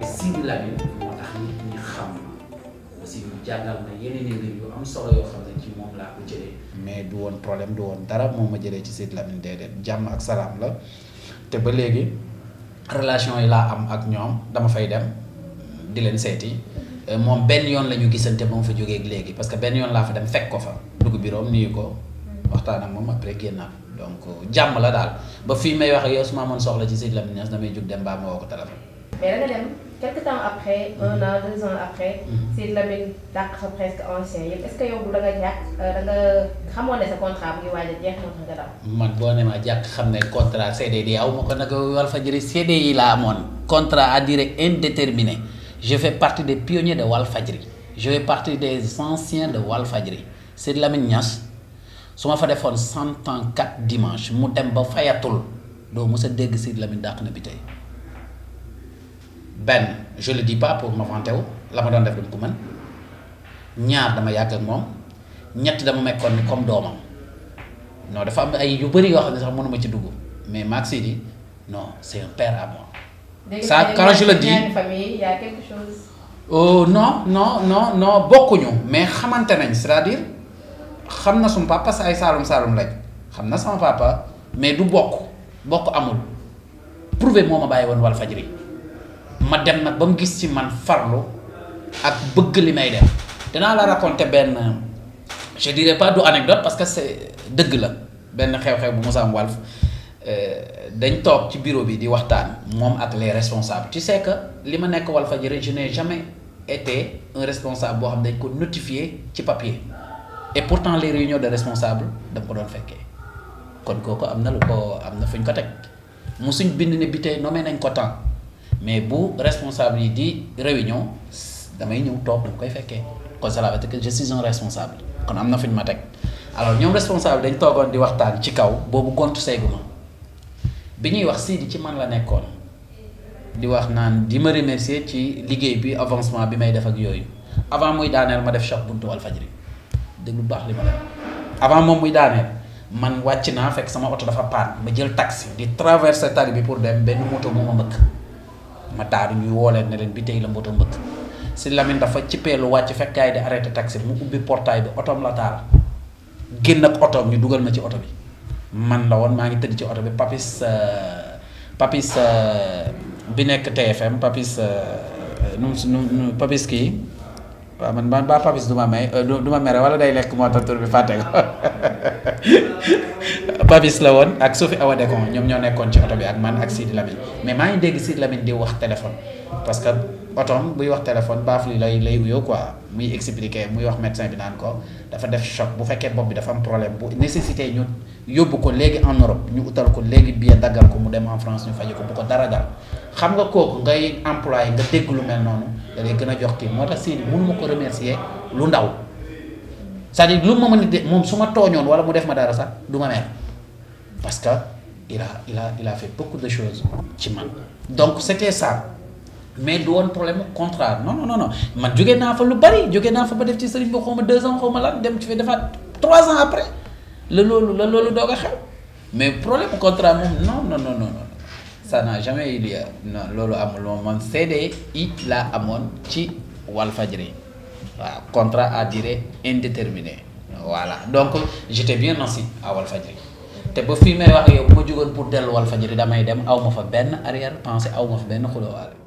Sidi Lamine moo tax nit ñi xam ma aussi jàngal na yeneen i yu am solo yoo xam ne ci moom laa ko jëlee. mais du woon problème du woon dara moo ma jëlee ci Sidi Lamine déedéet jàmm ak salaam la te ba léegi relation yi laa am ak ñoom dama fay dem di leen seeti euh, moom benn yoon lañu ñu gisante ba mu fa jógee léegi parce que benn yoon laa fa dem fekk ko fa dugg biroom nuyu ko waxtaan ak moom après génnaat. donc euh, jam la dal ba fi may wax ak yow su ma soxla ci Sidi Lamine Niass damay jóg dem ba ma woo téléphone. mais da dem quelques temps après un mhm. an deux ans après. Mhm. Sidi Lamine dàq fa presque ancien est ce que yow bu da nga jàq euh, da nga xamone ce sa contrat bu ngi waaj jeex mo tax nga c'est man bo ne ma jàq contrat CDD aw ma ko nag Walfadjri CDI la amone contrat à durée indéterminée je fais partie des pionniers de fadjri je fais partie des anciens de fadjri Sidi Lamine Niass. So fa 100 cent ans quatre dimanche mu dem ba fayatul a je Lamine Ben, je le dis pas pour me vanter la ma def ko ma ñaar dama ak ñett dama comme non dafa ay yu mais Maxi dit non c'est un père à moi. ça quand je le dis famille y a quelque chose. Oh, non non non non bokkuñu mais c'est-à-dire. xam na suma papa parce que ay saalum saalum rek xam na sama papa mais du bokk bokk amul prouvé moo ma bàyyi woon Walfadjri ma dem nag ba mu gis ci man farlu ak bëgg li may def danaa la raconter benn je dirais pas du anecdote parce que c'est dëgg la benn xew-xew bu musaam Walf euh, dañ toog ci bureau bi di waxtaan moom ak les responsables tu sais li ma nekk Walfadjri je n'ai jamais été un responsable boo xam dañ ko notifié ci papier et pourtant les réunions de responsables, da ko doon fekkee kon kooku am na lu ko am na fu ñu ko teg mu suñ bind ne bi tey nommé nañ ko temps mais bu responsable yi di réunion damay ñëw toog dama koy fekkee kon cela veut dire que je suis un responsable kon am na fu ma teg alors ñoom responsable dañ toogoon di waxtaan ci kaw boobu gontu seyguma bi ñuy wax Sidi ci man la nekkoon di wax naan di ma remercier ci liggéey bi avancement bi may def ak yooyu avant muy daaneel ma def choc buntu Walfadjri déglu bax li ma la avant mom muy daane man wàcc naa sama auto dafa pan ma jël taxi di traverser tali bi pour dem ben moto bu ma mbëkk ma taaru ñuy wolé ne leen bi tey la moto mbeuk si Lamine dafa ci pelu wacc fek kay di arrêter taxi mu ubbi portail bi auto la taal genn ak auto ñu dugal ma ci auto bi man la won ma ngi tedd ci auto bi papis eh, papis eh, bi nek TFM papis nu eh, nu papis ki waaw man man ba Papis du ma may euh, du ma mere wala day lekk moo tax tur bi fàtte ko Papis la woon ak Sophie Awa Dekon ñoom ñoo nekkoon ci oto bi ak man ak Sidi Lamine mais maa ngi dégg Sidi Lamine di wax téléphone parce que otoom buy wax téléphone baaf li lay lay uyo quoi muy expliquer muy wax médecin bi naan ko dafa def choc bu fekkee bopp bi dafa am problème bu nécessité ñu yóbbu ko léegi en Europe ñu utal ko léegi billet daggal ko mu dem en France ñu faje ko bu ko dara dal xam nga kooku ngay employé nga dégg lu mel noonu da jox remercier c'est-à-dire lu ma mën de ma parce que il a il a fait beaucoup de choses donc c'était ça mais du un problème contraire non non non non man naa fa lu bari Je naa fa ba def ci deux ans xawma dem trois ans après la loolu mais problème contraire non non non non ça n'a jamais eu lieu non loolu amul moom man il la amone ci Walfadjri waaw contrat à durée indéterminée voilà donc j'étais bien assis à Walfadjri Té ba fi may wax yow bu ma jógoon pour dellu Walfadjri damay dem awma ma fa ben arrière pensée awma fa ben xulóowaale